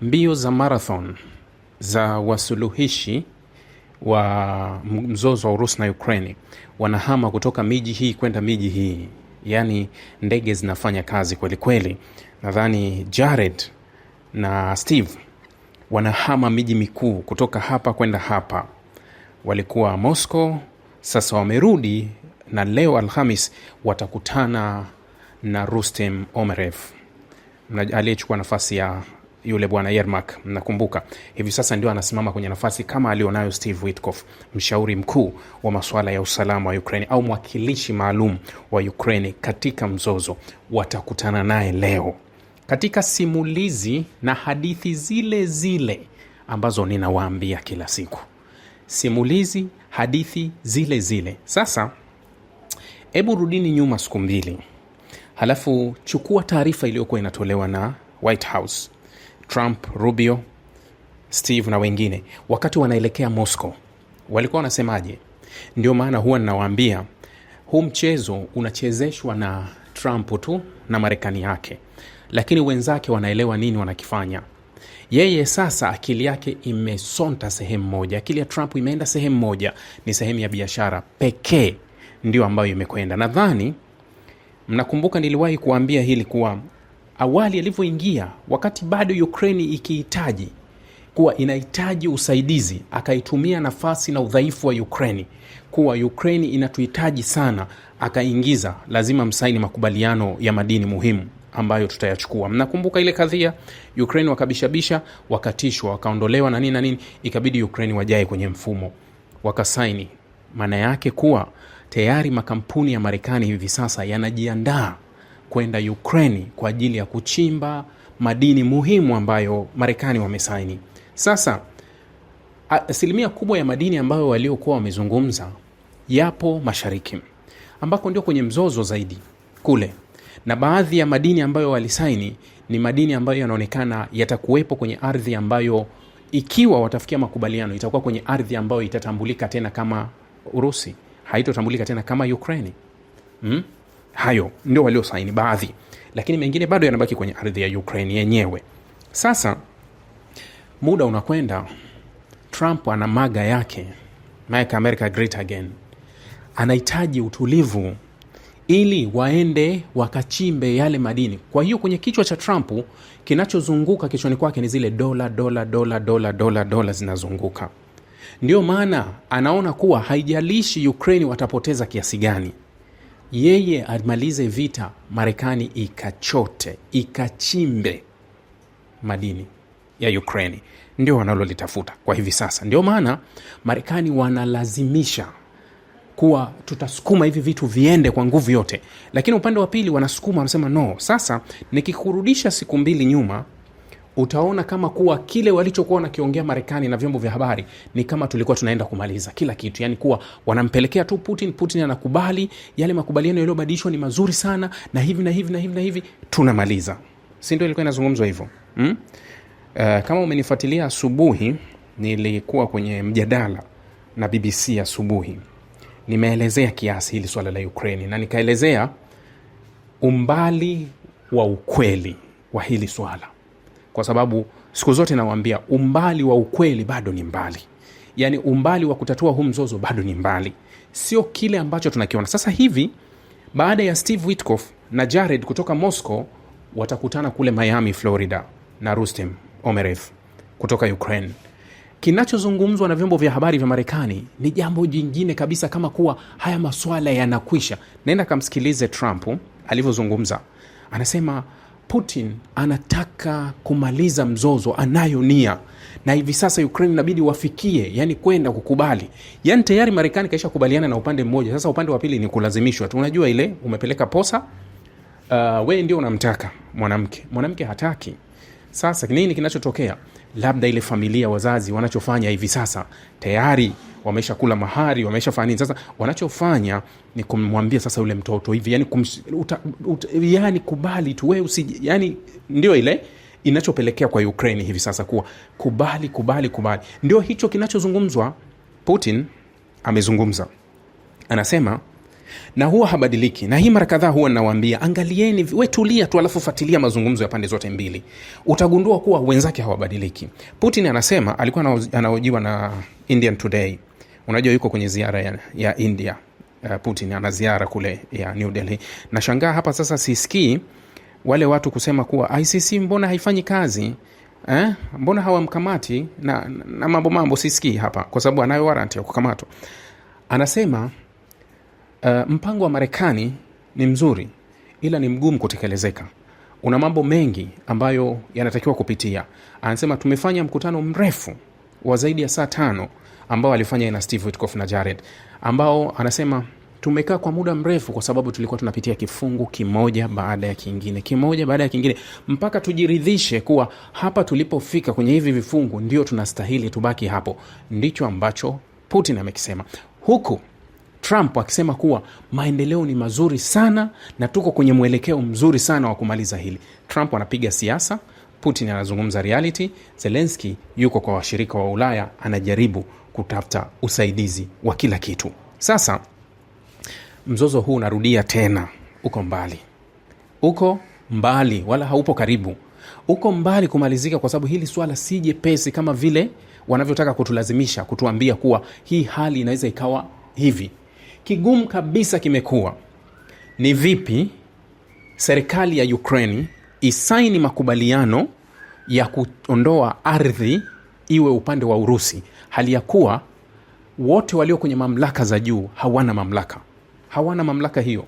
Mbio za marathon za wasuluhishi wa mzozo wa Urusi na Ukraini wanahama kutoka miji hii kwenda miji hii, yaani ndege zinafanya kazi kweli kweli. Nadhani Jared na Steve wanahama miji mikuu kutoka hapa kwenda hapa. Walikuwa Moscow, sasa wamerudi, na leo Alhamis watakutana na Rustem omerev aliyechukua nafasi ya yule bwana Yermak, mnakumbuka, hivi sasa ndio anasimama kwenye nafasi kama alionayo Steve Witkoff, mshauri mkuu wa masuala ya usalama wa Ukraini au mwakilishi maalum wa Ukraini katika mzozo. Watakutana naye leo katika simulizi na hadithi zile zile ambazo ninawaambia kila siku, simulizi hadithi zile zile. Sasa hebu rudini nyuma siku mbili, halafu chukua taarifa iliyokuwa inatolewa na White House Trump, Rubio, Steve na wengine, wakati wanaelekea Moscow walikuwa wanasemaje? Ndio maana huwa ninawaambia huu mchezo unachezeshwa na Trump tu na Marekani yake, lakini wenzake wanaelewa nini wanakifanya. Yeye sasa akili yake imesonta sehemu moja, akili ya Trump imeenda sehemu moja, ni sehemu ya biashara pekee, ndio ambayo imekwenda. Nadhani mnakumbuka niliwahi kuambia hili kuwa awali alivyoingia, wakati bado Ukraini ikihitaji kuwa inahitaji usaidizi, akaitumia nafasi na udhaifu wa Ukraini kuwa Ukraini inatuhitaji sana, akaingiza lazima msaini makubaliano ya madini muhimu ambayo tutayachukua. Mnakumbuka ile kadhia Ukraini wakabishabisha, wakatishwa, wakaondolewa na nini na nini, ikabidi Ukraini wajae kwenye mfumo, wakasaini. Maana yake kuwa tayari makampuni ya Marekani hivi sasa yanajiandaa kwenda Ukraini kwa ajili ya kuchimba madini muhimu ambayo Marekani wamesaini. Sasa asilimia kubwa ya madini ambayo waliokuwa wamezungumza yapo mashariki ambako ndio kwenye mzozo zaidi kule, na baadhi ya madini ambayo walisaini ni madini ambayo yanaonekana yatakuwepo kwenye ardhi ambayo ikiwa watafikia makubaliano itakuwa kwenye ardhi ambayo itatambulika tena kama Urusi, haitotambulika tena kama Ukraini. Mm? hayo ndio waliosaini baadhi, lakini mengine bado yanabaki kwenye ardhi ya Ukraine yenyewe. Sasa muda unakwenda, Trump ana MAGA yake, Make America Great Again, anahitaji utulivu ili waende wakachimbe yale madini. Kwa hiyo kwenye kichwa cha Trump kinachozunguka kichwani kwake ni zile dola dola dola dola dola dola zinazunguka. Ndiyo maana anaona kuwa haijalishi Ukraine watapoteza kiasi gani yeye amalize vita, Marekani ikachote ikachimbe madini ya Ukraini. Ndio wanalolitafuta kwa hivi sasa. Ndio maana Marekani wanalazimisha kuwa tutasukuma hivi vitu viende kwa nguvu yote, lakini upande wa pili wanasukuma, wanasema no, sasa nikikurudisha siku mbili nyuma utaona kama kuwa kile walichokuwa wanakiongea Marekani na vyombo vya habari ni kama tulikuwa tunaenda kumaliza kila kitu, yani kuwa wanampelekea tu Putin, Putin anakubali yale makubaliano yaliyobadilishwa ni mazuri sana na hivi na hivi na hivi na hivi, tunamaliza. Si ndio ilikuwa inazungumzwa hivyo hmm? Uh, kama umenifuatilia asubuhi, nilikuwa kwenye mjadala na BBC asubuhi, nimeelezea kiasi hili swala la Ukraine na nikaelezea umbali wa ukweli wa hili swala kwa sababu siku zote nawaambia umbali wa ukweli bado ni mbali, yaani umbali wa kutatua huu mzozo bado ni mbali, sio kile ambacho tunakiona sasa hivi. Baada ya Steve witkof na Jared kutoka Moscow watakutana kule Miami, Florida na Rustem omerev kutoka Ukraine. Kinachozungumzwa na vyombo vya habari vya Marekani ni jambo jingine kabisa, kama kuwa haya maswala yanakwisha. Naenda kamsikilize Trump alivyozungumza, anasema Putin anataka kumaliza mzozo, anayo nia na hivi sasa Ukraine inabidi wafikie, yani kwenda kukubali. Yani tayari Marekani kaisha kubaliana na upande mmoja, sasa upande wa pili ni kulazimishwa tu. Unajua ile umepeleka posa, uh, wewe ndio unamtaka mwanamke, mwanamke hataki. Sasa nini kinachotokea? Labda ile familia, wazazi wanachofanya hivi sasa tayari wamesha kula mahari, wamesha fanya nini. Sasa wanachofanya ni kumwambia sasa yule mtoto hivi, yani, kum, uta, uta, yani kubali tu wewe usi, yani ndio ile inachopelekea kwa Ukraine hivi sasa kuwa kubali, kubali, kubali, ndio hicho kinachozungumzwa. Putin amezungumza, anasema na huwa habadiliki, na hii mara kadhaa huwa nawambia angalieni, we tulia tu, alafu fatilia mazungumzo ya pande zote mbili, utagundua kuwa wenzake hawabadiliki. Putin anasema, alikuwa anaojiwa na Indian Today Unajua yuko kwenye ziara ya, ya India. Uh, Putin ana ziara kule ya New Delhi. Nashangaa hapa sasa sisikii wale watu kusema kuwa ICC mbona haifanyi kazi eh? Mbona hawamkamati na, na mambo mambo sisikii hapa, kwa sababu anayo warant ya kukamatwa. Anasema uh, mpango wa Marekani ni mzuri, ila ni mgumu kutekelezeka una mambo mengi ambayo yanatakiwa kupitia. Anasema tumefanya mkutano mrefu wa zaidi ya saa tano uh, ambao alifanya na Steve Witkoff na Jared, ambao anasema tumekaa kwa muda mrefu kwa sababu tulikuwa tunapitia kifungu kimoja baada ya kingine kimoja baada ya kingine mpaka tujiridhishe kuwa hapa tulipofika kwenye hivi vifungu ndio tunastahili tubaki hapo. Ndicho ambacho Putin amekisema, huku Trump akisema kuwa maendeleo ni mazuri sana na tuko kwenye mwelekeo mzuri sana wa kumaliza hili. Trump anapiga siasa Putin anazungumza reality, zelenski yuko kwa washirika wa Ulaya anajaribu kutafuta usaidizi wa kila kitu. Sasa mzozo huu unarudia tena, uko mbali, uko mbali, wala haupo karibu, uko mbali kumalizika, kwa sababu hili swala si jepesi kama vile wanavyotaka kutulazimisha, kutuambia kuwa hii hali inaweza ikawa hivi. Kigumu kabisa kimekuwa ni vipi serikali ya Ukraini isaini makubaliano ya kuondoa ardhi iwe upande wa Urusi, hali ya kuwa wote walio kwenye mamlaka za juu hawana mamlaka, hawana mamlaka hiyo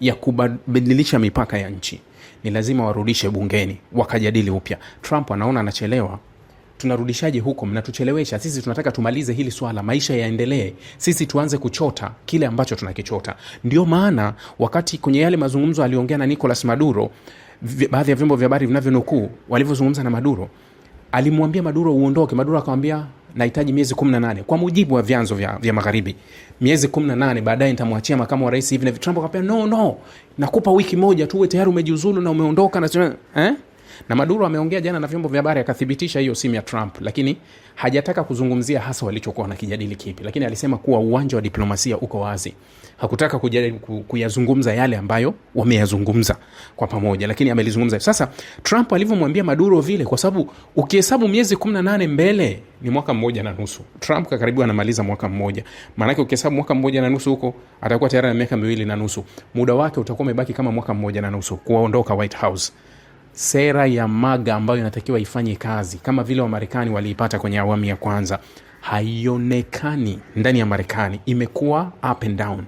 ya kubadilisha mipaka ya nchi. Ni lazima warudishe bungeni wakajadili upya. Trump anaona anachelewa. Tunarudishaje huko? Mnatuchelewesha sisi, tunataka tumalize hili swala, maisha yaendelee, sisi tuanze kuchota kile ambacho tunakichota. Ndio maana wakati kwenye yale mazungumzo aliongea na Nicolas Maduro baadhi ya vyombo vya habari vinavyonukuu walivyozungumza na Maduro, alimwambia Maduro uondoke. Maduro akamwambia nahitaji miezi 18 kwa mujibu wa vyanzo vya, vya magharibi, miezi 18 baadaye nitamwachia makamu wa rais hivi na Trump akamwambia no, no, nakupa wiki moja tu uwe tayari umejiuzulu na umeondoka na eh? na Maduro ameongea jana na vyombo vya habari akathibitisha hiyo simu ya Trump, lakini hajataka kuzungumzia hasa walichokuwa na kijadili kipi, lakini alisema kuwa uwanja wa diplomasia uko wazi. Hakutaka kujaribu kuyazungumza yale ambayo wameyazungumza kwa pamoja, lakini amelizungumza. Sasa Trump alivyomwambia Maduro vile, kwa sababu ukihesabu miezi 18 mbele ni mwaka mmoja na nusu. Trump kakaribu anamaliza mwaka mmoja, maanake ukihesabu mwaka mmoja na nusu huko atakuwa tayari na miaka miwili na nusu. Muda wake utakuwa umebaki kama mwaka mmoja na nusu kuwaondoka White House sera ya MAGA ambayo inatakiwa ifanye kazi kama vile Wamarekani waliipata kwenye awamu ya kwanza haionekani ndani ya Marekani, imekuwa up and down,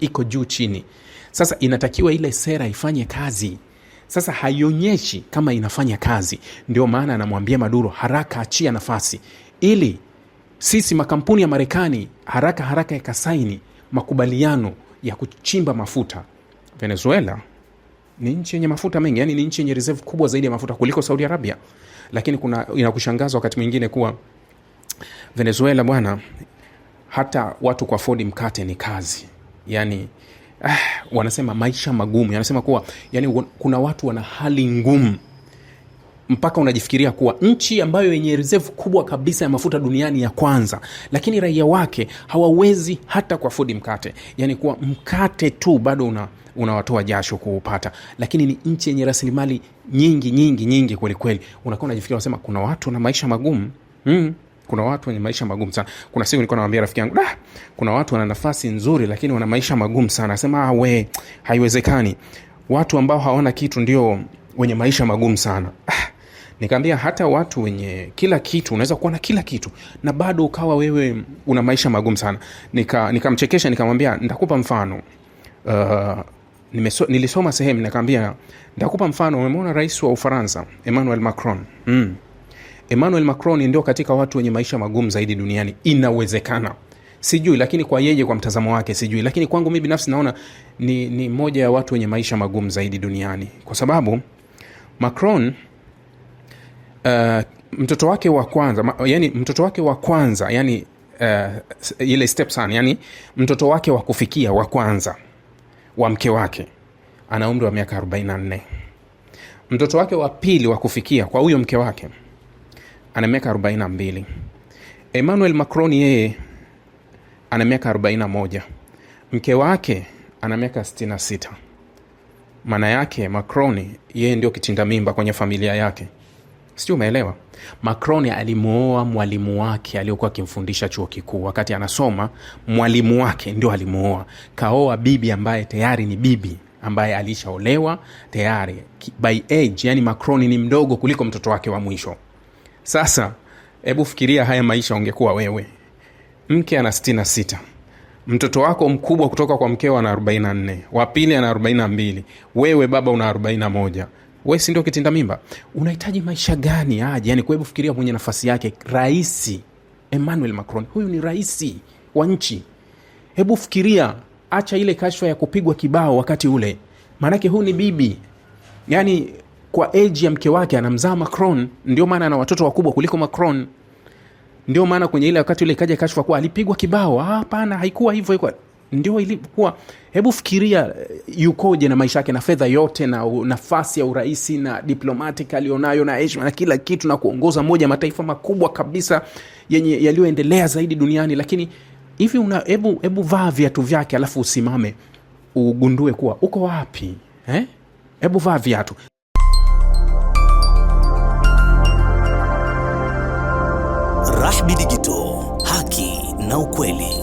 iko juu chini. Sasa inatakiwa ile sera ifanye kazi. Sasa haionyeshi kama inafanya kazi, ndio maana anamwambia Maduro, haraka achia nafasi ili sisi makampuni ya Marekani haraka haraka yakasaini makubaliano ya kuchimba mafuta Venezuela ni nchi yenye mafuta mengi, yani ni nchi yenye reserve kubwa zaidi ya mafuta kuliko Saudi Arabia. Lakini kuna inakushangaza wakati mwingine kuwa Venezuela bwana, hata watu kwa fodi mkate ni kazi yani ah, wanasema maisha magumu, wanasema kuwa yani, kuna watu wana hali ngumu mpaka unajifikiria kuwa nchi ambayo yenye reserve kubwa kabisa ya mafuta duniani ya kwanza, lakini raia wake hawawezi hata kwa fudi mkate, yani kuwa mkate tu bado una unawatoa jasho kuupata, lakini ni nchi yenye rasilimali nyingi nyingi nyingi kwelikweli. Unakuwa unajifikiria unasema, kuna watu na maisha magumu mm. Kuna watu wenye maisha magumu sana. Kuna siku nilikuwa nawambia rafiki yangu, ah, kuna watu wana nafasi nzuri, lakini wana maisha magumu sana. Asema ah, we, haiwezekani. Watu ambao hawana kitu ndio wenye maisha magumu sana ah nikaambia hata watu wenye kila kitu, unaweza kuwa na kila kitu na bado ukawa wewe una maisha magumu sana. Nikamchekesha, nika nikamwambia nitakupa mfano uh, nimeso, nilisoma sehemu nikaambia nitakupa mfano. umemwona rais wa Ufaransa Emmanuel Macron mm. Emmanuel Macron ndio katika watu wenye maisha magumu zaidi duniani, inawezekana sijui lakini kwa yeye, kwa mtazamo wake sijui, lakini kwangu mi binafsi naona ni, ni moja ya watu wenye maisha magumu zaidi duniani, kwa sababu Macron Uh, mtoto wake wa kwanza yani mtoto wake wa kwanza yani uh, ile step son yani mtoto wake wa kufikia wa kwanza wa mke wake ana umri wa miaka 44 mtoto wake wa pili wa kufikia kwa huyo mke wake ana miaka 42 emmanuel macron yeye ana miaka 41 mke wake ana miaka 66 maana yake macron yeye ndio kitinda mimba kwenye familia yake Sijui umeelewa. Macron alimuoa mwalimu wake aliyokuwa akimfundisha chuo kikuu wakati anasoma, mwalimu wake ndio alimuoa. Kaoa bibi ambaye tayari ni bibi ambaye alishaolewa tayari by age, yani Macron ni mdogo kuliko mtoto wake wa mwisho. Sasa hebu fikiria haya maisha, ungekuwa wewe, mke ana 66 mtoto wako mkubwa kutoka kwa mkeo ana 44, wa pili ana 42, wewe baba una 41 we sindio kitinda mimba, unahitaji maisha gani aje? Yani kwa fikiria mwenye nafasi yake, raisi Emmanuel Macron, huyu ni raisi wa nchi. Hebu fikiria, acha ile kashwa ya kupigwa kibao wakati ule, maanake huyu ni bibi yani kwa eji ya mke wake anamzaa Macron, ndio maana ana watoto wakubwa kuliko Macron. Ndio maana kwenye ile wakati ule ikaja kashfa kuwa alipigwa kibao. Hapana, haikuwa hivyo ndio ilikuwa. Hebu fikiria eh, yukoje na maisha yake na fedha yote na nafasi ya urahisi na diplomatic aliyonayo na heshima na kila kitu, na kuongoza moja ya mataifa makubwa kabisa yenye yaliyoendelea zaidi duniani. Lakini hivi una, hebu hebu vaa viatu vyake alafu usimame ugundue kuwa uko wapi eh? Hebu vaa viatu rahbi digito haki na ukweli.